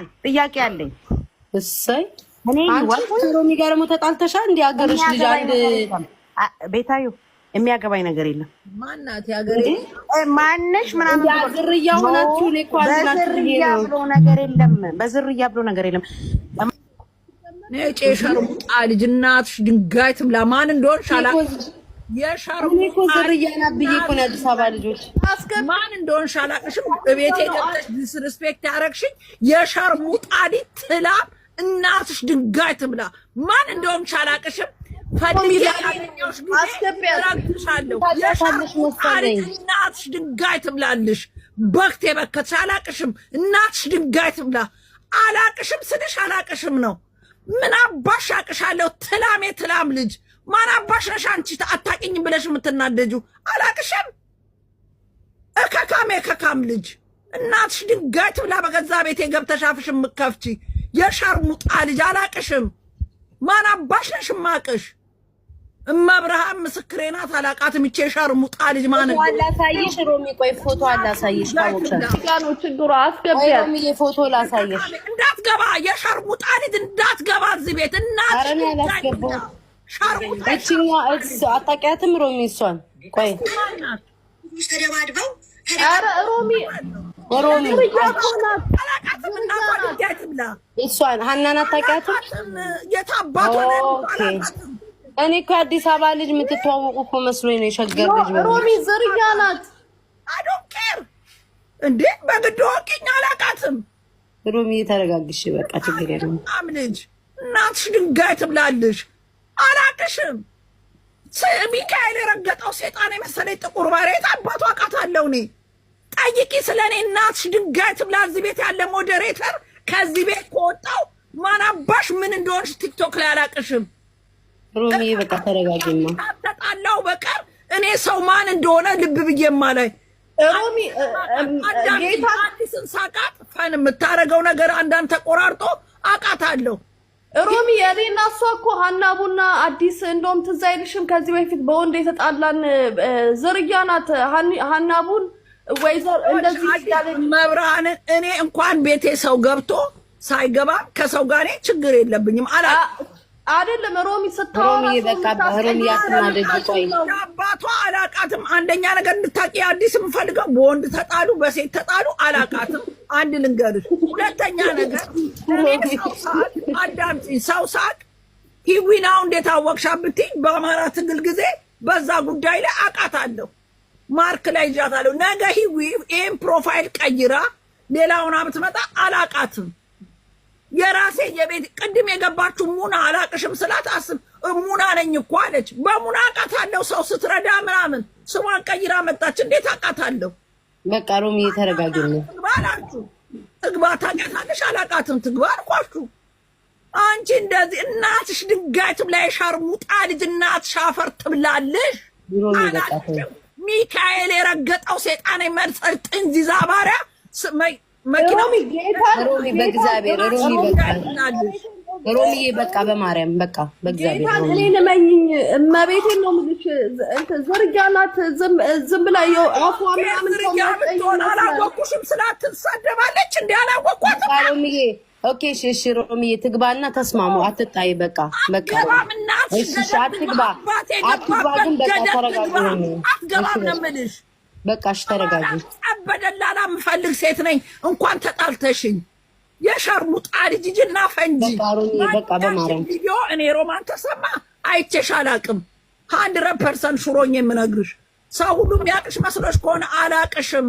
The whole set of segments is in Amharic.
ሮማን ጥያቄ አለኝ። እሰይ ከሮሚ ጋር ደግሞ ተጣልተሻ? እንዲ ሀገርሽ ልጅ አንድ ቤታዩ የሚያገባኝ ነገር የለም። ማናት ያገሬ ማነሽ ምናምን ዝርያ ሆናችሁ በዝርያ ብሎ ነገር የለም። በዝርያ ብሎ ነገር የለም። ነጭ ሸርሙጣ ልጅ እናትሽ ድንጋይ ትብላ ማን እንደሆን ሻላ የሸርሙ አዲስ አበባ ልጆች ማን እንደሆንሽ አላቅሽም። ገብተሽ ዲስሪስፔክት ያደረግሽኝ ጣዲ ትላ እናትሽ ድንጋይ ትብላ። ማን እንደሆንሽ አላቅሽም። እናትሽ ድንጋይ ትብላልሽ። በክት የበከትሽ አላቅሽም። እናትሽ ድንጋይ ትብላ። አላቅሽም ስልሽ አላቅሽም ነው። ምን አባሽ አቅሻለሁ። ትላሜ ትላም ልጅ ማን አባሸሽ አንቺ አታውቂኝም ብለሽ የምትናደጂው? አላቅሽም። እከካም የከካም ልጅ እናትሽ ድንጋይ ትብላ። በገዛ ቤቴ ገብተሽ አፍሽ የምከፍቺ የሸርሙጣ ልጅ አላቅሽም። ማን አባሽነሽ ማቅሽ እመብርሃን ምስክሬ ናት። አላቃት ምቼ ሸርሙጣ ልጅ ማን ላሳይሽ? ሮሚ ቆይ ፎቶ አላሳይሽ። ታውቃለሽ ችግሩ አስገቢያ ፎቶ ላሳይሽ። እንዳትገባ የሸርሙጣ ልጅ እንዳትገባ እዚህ ቤት እናት እችኛዋ አታውቂያትም? ሮሚ እሷን ቆይ ተደባድበው እሷን ሀናን አታውቂያትም? እኔ እኮ የአዲስ አበባ ልጅ የምትተዋወቁ እኮ መስሎኝ ነው። የሸገር ልጅ ሮሚ ዝርያ ናት። አዶቄር እንዴ በግድ ወቂኝ አላውቃትም። ሮሚ ተረጋግሽ፣ በቃ ችግር የለም። ልጅ እናትሽ ድንጋይ ትብላለሽ። አላቅሽም። ሚካኤል የረገጠው ሴጣን የመሰለ ጥቁር መሬት አባቱ አውቃታለሁ። እኔ ጠይቂ ስለ እኔ እናትሽ ድንጋይ ትብላ። እዚህ ቤት ያለ ሞዴሬተር ከዚህ ቤት ከወጣው ማናባሽ ምን እንደሆንሽ ቲክቶክ ላይ አላቅሽም። ሮሚ በቃ ተጣላው በቀር እኔ ሰው ማን እንደሆነ ልብ ብዬማ ላይ ሮሚ አዲስን ሳቃት ፈን የምታደርገው ነገር አንዳንድ ተቆራርጦ አውቃታለሁ። ሮሚ እኔ እና እሷ እኮ ቡና አዲስ እንደውም ትዝ አይልሽም? ከዚህ በፊት በወንድ የተጣላን ዝርያ ናት። ቡን ወይዘር እንደዚህ መብራንን እኔ እንኳን ቤቴ ሰው ገብቶ ሳይገባ ከሰው ጋር ችግር የለብኝም አ አይደለም ሮሚ ስታወራ አላቃትም። አንደኛ ነገር እንድታቂ አዲስ የምፈልገው በወንድ ተጣሉ በሴት ተጣሉ አላቃትም። አንድ ልንገርሽ። ሁለተኛ ነገር አዳምጪኝ። ሰው ሳቅ እንዴት አወቅሻ ብትይኝ በአማራ ትግል ጊዜ በዛ ጉዳይ ላይ አውቃታለሁ። ማርክ ላይ ይዣታለሁ። ነገ ሂዊ ይህን ፕሮፋይል ቀይራ ሌላውን ብትመጣ አላቃትም። የራሴ የቤት ቅድም የገባችው ሙና አላቅሽም ስላት አስብ ሙና ነኝ እኮ አለች። በሙና ሰው ስትረዳ ምናምን ስሟን ቀይራ መጣች። እንዴት አውቃታለሁ? በቃ ሮሚ ትግባ ታውቂያታለሽ? አላውቃትም። ትግባ አልኳችሁ። አንቺ እንደዚህ እናትሽ ድንጋይ ትብላ፣ የሸርሙጣ ልጅ እናትሽ አፈር ትብላለሽ። ሚካኤል የረገጠው ሴጣን የመርጸል ጥንዚዛ ባሪያ መኪናው በእግዚአብሔር ሮሚ ሮሚዬ በቃ በማርያም በቃ በእግዚአብሔር እኔ ንመኝኝ እመቤቴ ነው የምልሽ። ዝርያላት ዝም ብላ አፏ ምናምን አላወቅኩሽም ስላት ትሳደባለች። እንዲ አላወቅኳትም ሮሚዬ ኦኬ እሺ እሺ ሮሚዬ ትግባና ተስማሙ። አትጣይ በቃ በቃ እሺ እሺ አትግባ አትግባ ግን በቃ ተረጋጊ ሆኚ አትገባም ነው በቃ እሺ ተረጋጊ። ጠበደላላ የምፈልግ ሴት ነኝ። እንኳን ተጣልተሽኝ የሸርሙጣ ልጅጅና ፈንጂ ቪዲዮ እኔ ሮማን ተሰማ አይቼሽ አላቅም። ሀንድረድ ፐርሰንት ሹሮኝ የምነግርሽ ሰው ሁሉ የሚያቅሽ መስሎሽ ከሆነ አላቅሽም።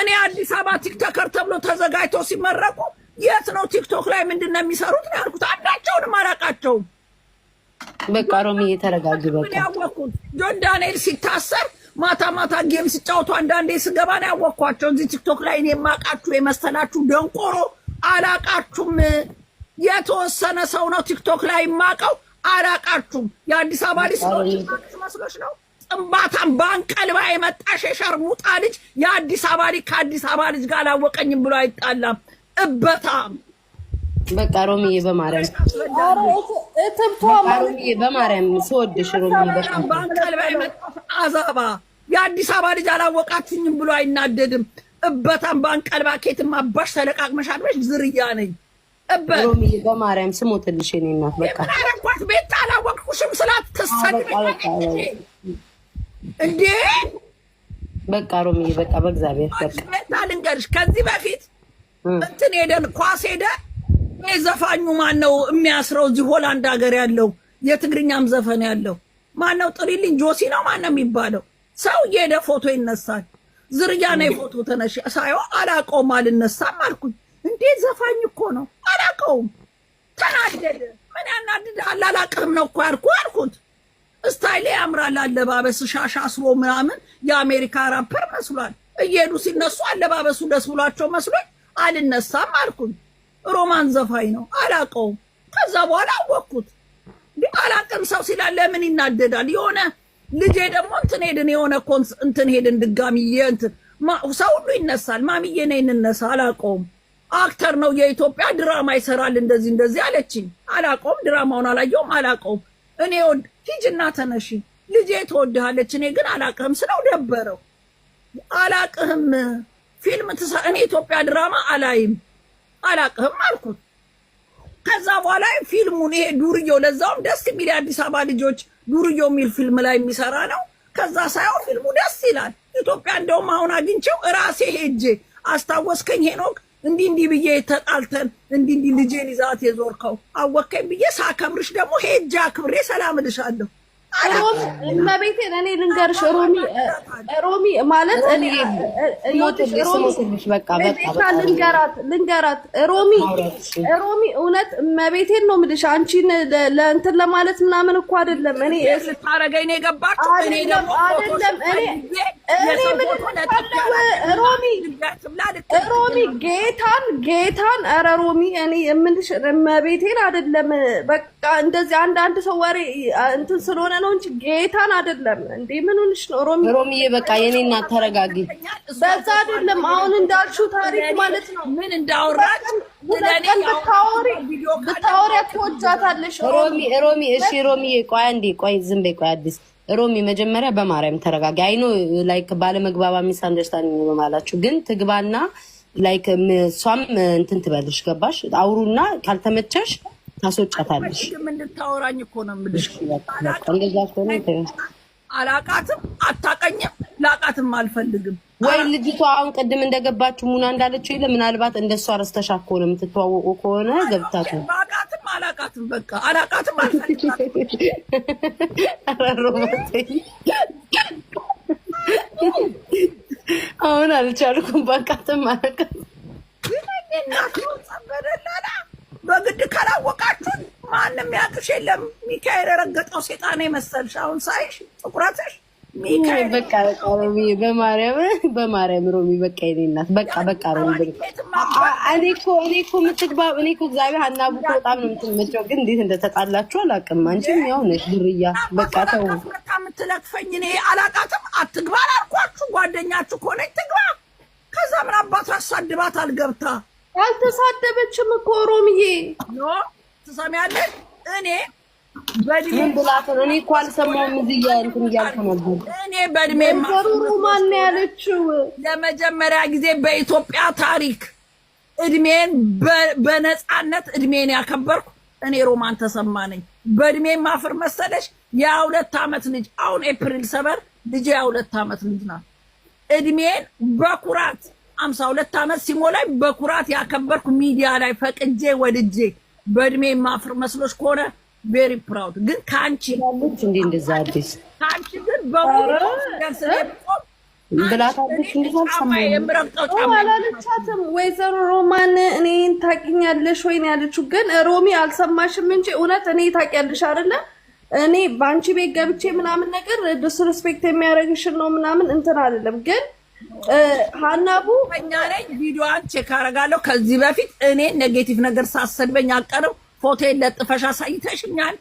እኔ አዲስ አበባ ቲክቶከር ተብሎ ተዘጋጅቶ ሲመረቁ የት ነው ቲክቶክ ላይ ምንድን ነው የሚሰሩት ነው ያልኩት። አንዳቸውንም አላቃቸውም። በቃ ሮሚ እየተረጋጊ በቃ ያወቅኩት ጆን ዳንኤል ሲታሰር ማታ ማታ ጌም ሲጫወቱ አንዳንዴ ስገባ ነው ያወቅኳቸው። እዚህ ቲክቶክ ላይ እኔ የማቃችሁ የመሰላችሁ ደንቆሮ አላቃችሁም። የተወሰነ ሰው ነው ቲክቶክ ላይ የማውቀው። አላቃችሁም። የአዲስ አበባ ልጅ መስሎች ነው ጥንባታም በአንቀልባ የመጣሽ የሸርሙጣ ልጅ የአዲስ አበባ ልጅ ከአዲስ አበባ ልጅ ጋር አላወቀኝም ብሎ አይጣላም። እበታም በቃ ሮሚዬ በማርያም በማርያም ስወድሽ ሮሚዬ በጣም በአንቀልባ የመጣሽ አዛባ የአዲስ አበባ ልጅ አላወቃችኝም ብሎ አይናደድም። እበታም በአንቀልባ ኬትም አባሽ ተለቃቅመሽ አድበሽ ዝርያ ነኝ። እበት በማርያም ስሙ ትንሽ ናት። በቃ ቤት አላወቅኩሽም ስላት ትሰድበኝ እንዴ! በቃ ሮሚዬ በቃ በእግዚአብሔር በቃ ልንገርሽ፣ ከዚህ በፊት እንትን ሄደን ኳስ ሄደ ዘፋኙ ማን ነው የሚያስረው? እዚህ ሆላንድ ሀገር ያለው የትግርኛም ዘፈን ያለው ማን ነው? ጥሪልኝ ጆሲ ነው ማን ነው የሚባለው? ሰው እየሄደ ፎቶ ይነሳል። ዝርያ ነው የፎቶ ተነሽ ሳየው አላቀውም አልነሳም አልኩኝ። እንዴት ዘፋኝ እኮ ነው አላቀውም ተናደደ። ምን ያናድድሃል? አላውቅህም ነው እኮ ያልኩ አልኩት። እስታይሌ ያምራል፣ አለባበስ ሻሽ አስሮ ምናምን የአሜሪካ ራፐር መስሏል። እየሄዱ ሲነሱ አለባበሱ ደስ ብሏቸው መስሎኝ አልነሳም አልኩኝ። ሮማን ዘፋኝ ነው አላቀውም ከዛ በኋላ አወቅኩት። አላቅም ሰው ሲላለ ምን ይናደዳል? የሆነ ልጄ ደግሞ እንትን ሄድን የሆነ እንትን ሄድን ድጋሚ እንትን ሰው ሁሉ ይነሳል። ማሚዬ ነይ እንነሳ። አላውቀውም አክተር ነው የኢትዮጵያ ድራማ ይሰራል እንደዚህ እንደዚህ አለችኝ። አላውቀውም ድራማውን አላየውም አላውቀውም። እኔ ወድ ሂጂና ተነሺ ልጄ ትወድሃለች። እኔ ግን አላቅህም ስለው ደበረው። አላቅህም ፊልም ትሳ እኔ ኢትዮጵያ ድራማ አላይም አላቅህም አልኩት። ከዛ በኋላ ፊልሙን ይሄ ዱርዬው ለዛውም ደስ የሚል የአዲስ አበባ ልጆች ዱርዮ የሚል ፊልም ላይ የሚሰራ ነው። ከዛ ሳይሆን ፊልሙ ደስ ይላል። ኢትዮጵያ እንደውም አሁን አግኝቼው ራሴ ሄጄ አስታወስከኝ ሄኖክ እንዲህ እንዲህ ብዬ ተጣልተን እንዲህ እንዲህ ልጄን ይዛት የዞርከው አወከኝ ብዬ ሳከብርሽ ደግሞ ሄጄ አክብሬ ሰላም እልሻለሁ። እመቤቴ እኔ ልንገርሽ፣ ሮሚ ሮሚ ማለት እኔ ልንገራት ልንገራት ሮሚ ሮሚ እውነት እመቤቴን ነው የምልሽ። አንቺን ለእንትን ለማለት ምናምን እኮ አይደለም። እኔ ስታረገኝ ነው የገባችው። እኔ ደግሞ አይደለም እኔ እኔ ምን ሮሚ ጌታን ጌታን፣ ኧረ ሮሚ እኔ የምልሽ እመቤቴን አይደለም። በቃ እንደዚህ አንድ አንድ ሰው ወሬ እንትን ስለሆነ ነው እንጂ ጌታን አይደለም። እንዴ ምን ሆንሽ ነው ሮሚ? ሮሚዬ በቃ የኔ እናት ተረጋጊ። በዛ አይደለም አሁን እንዳልሽው ታሪክ ማለት ነው። ምን እንዳወራች ብታወሪ ትወጃታለሽ ሮሚ። ሮሚ እሺ ሮሚ ቆይ እንዴ ቆይ ዝም በይ ቆይ አዲስ ሮሚ መጀመሪያ በማርያም ተረጋጊ። አይኖ ላይክ ባለመግባባ ሚስ አንደርስታንድ ነው ማለት ትችላላችሁ፣ ግን ትግባና ላይክ እሷም እንትን ትበልሽ ገባሽ? አውሩና ካልተመቸሽ ታስወጫታለሽ። እንድታወራኝ እኮ ነው የምልሽ። እንደዛ አላቃትም፣ አታቀኝም፣ ላቃትም አልፈልግም። ወይ ልጅቷ አሁን ቅድም እንደገባችሁ ሙና እንዳለችው የለ ምናልባት እንደሷ ረስተሻት ከሆነ የምትተዋወቁ ከሆነ ገብታት አላቃትም፣ አላቃትም፣ በቃ አላቃትም፣ አልፈልግም አሁን አልቻልኩም። በቃ ተማረቀ በግድ ካላወቃችሁን ማንም ያቅሽ የለም። ሚካኤል የረገጠው ሴጣን የመሰልሽ አሁን ሳይሽ ጥቁረትሽ በቃ ሮሚ በማርያም በማርያም ሮሚ በቃ የእኔ እናት በቃ በቃ ሮሚ እኔ እኮ እኔ እኮ የምትግባ እኔ እኮ እግዚአብሔር ሀናቡ እኮ በጣም ነው የምትመቸው፣ ግን እንዴት እንደተጣላችሁ አላውቅም። አንቺም ያው ነሽ ድርያ በቃ ተው የምትለቅፈኝ እኔ አላውቃትም። አትግባ አላልኳችሁ? ጓደኛችሁ ከሆነች ትግባ። ከዛ ምን አባት አሳድባት አልገብታ አልተሳደበችም እኮ ሮሚዬ። ትሰሚያለሽ እኔ ምን እኔ በእድሜ ማን ያለችው? ለመጀመሪያ ጊዜ በኢትዮጵያ ታሪክ እድሜን በነፃነት እድሜን ያከበርኩ እኔ ሮማን ተሰማ ነኝ። በእድሜ ማፍር መሰለሽ? የሁለት ዓመት ልጅ አሁን ኤፕሪል ሰበር ልጅ የሁለት ዓመት ልጅ ናት። እድሜን በኩራት አምሳ ሁለት ዓመት ሲሞላኝ በኩራት ያከበርኩ ሚዲያ ላይ ፈቅጄ ወድጄ በእድሜ ማፍር መስሎች ከሆነ ቬሪ ፕራውድ ግን ከአንቺ እንደ እንደዛ አዲስ ከአንቺ ግን ወይዘሮ ሮማን እኔን ታውቂኛለሽ ነው ያለችው። ግን ሮሚ አልሰማሽም እንጂ እውነት እኔ ታውቂያለሽ እኔ በአንቺ ቤት ገብቼ ምናምን ነገር ዲስሪስፔክት የሚያደርግሽን ነው ምናምን እንትን አይደለም ግን ሀናቡ ቪዲዮዋን ቼክ አደርጋለሁ። ከዚህ በፊት እኔ ኔጌቲቭ ነገር ሳሰድበኝ ፎቶ ለጥፈሽ አሳይተሽኛል።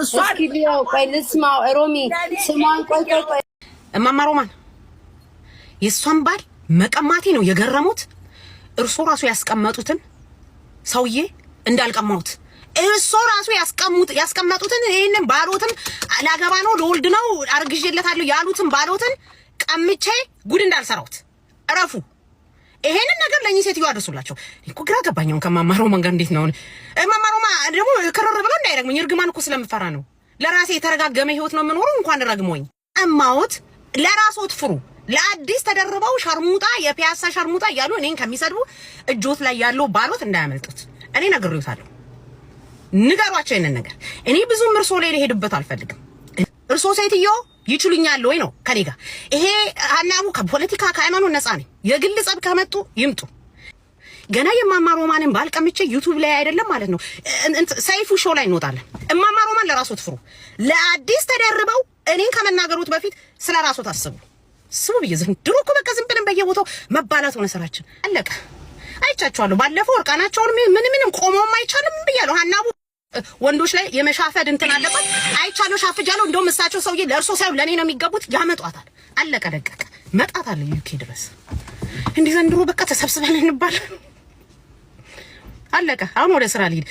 እሷ ቪዲዮ ቆይ ልስማው። ሮሚ ስሟን ቆይ ቆይ ቆይ እማማ ሮማን የእሷን ባል መቀማቴ ነው የገረሙት። እርሶ ራሱ ያስቀመጡትን ሰውዬ እንዳልቀማሁት እርሶ ራሱ ያስቀመጡትን ይህንን ባሎትን ላገባ ነው ለወልድ ነው አርግዤለታለሁ ያሉትን ባሎትን ቀምቼ ጉድ እንዳልሰራሁት እረፉ። ይሄንን ነገር ለእኚህ ሴትዮ አድርሱላቸው ግራ ገባኛውን ከማማረው ጋር እንዴት ነውን እማ ደግሞ ከረር ብሎ እንዳይረግመኝ እርግማን እኮ ስለምፈራ ነው። ለራሴ የተረጋገመ ህይወት ነው የምኖረው። እንኳን ረግሞኝ እማወት ለራስዎት ፍሩ። ለአዲስ ተደርበው ሸርሙጣ የፒያሳ ሸርሙጣ እያሉ እኔን ከሚሰድቡ እጆት ላይ ያለው ባሎት እንዳያመልጡት። እኔ ነግሬዎታለሁ። ንገሯቸው ይንን ነገር። እኔ ብዙም እርሶ ላይ ሄድበት አልፈልግም። እርሶ ሴትዮ ይችሉኛል ወይ ነው ከኔ ጋር ይሄ አናቡ ከፖለቲካ ከሃይማኖት ነፃ ነኝ። የግል ጸብ ከመጡ ይምጡ። ገና የማማ ሮማንን ባል ቀምቼ ዩቱብ ላይ አይደለም ማለት ነው ሰይፉ ሾው ላይ እንወጣለን። እማማ ሮማን ለራሱ ትፍሩ። ለአዲስ ተደርበው እኔን ከመናገሩት በፊት ስለ ራሱ ታስቡ። ስቡ ብዬ ዘንድሮ እኮ በቃ ዝም ብለን በየቦታው መባላት ሆነ ስራችን አለቀ። አይቻችኋለሁ። ባለፈው እርቃናቸውን ምን ምንም ቆመውም አይቻልም ብያለሁ። ሀናቡ ወንዶች ላይ የመሻፈድ እንትን አለባት። አይቻለሁ፣ ሻፍጃለሁ። እንደውም እሳቸው ሰውዬ ለእርሶ ሳይሆን ለእኔ ነው የሚገቡት። ያመጧታል። አለቀ ደቀቀ። መጣት አለ ዩኬ ድረስ እንዲህ ዘንድሮ በቃ ተሰብስበን እንባል አለቀ። አሁን ወደ ስራ ልሂድ።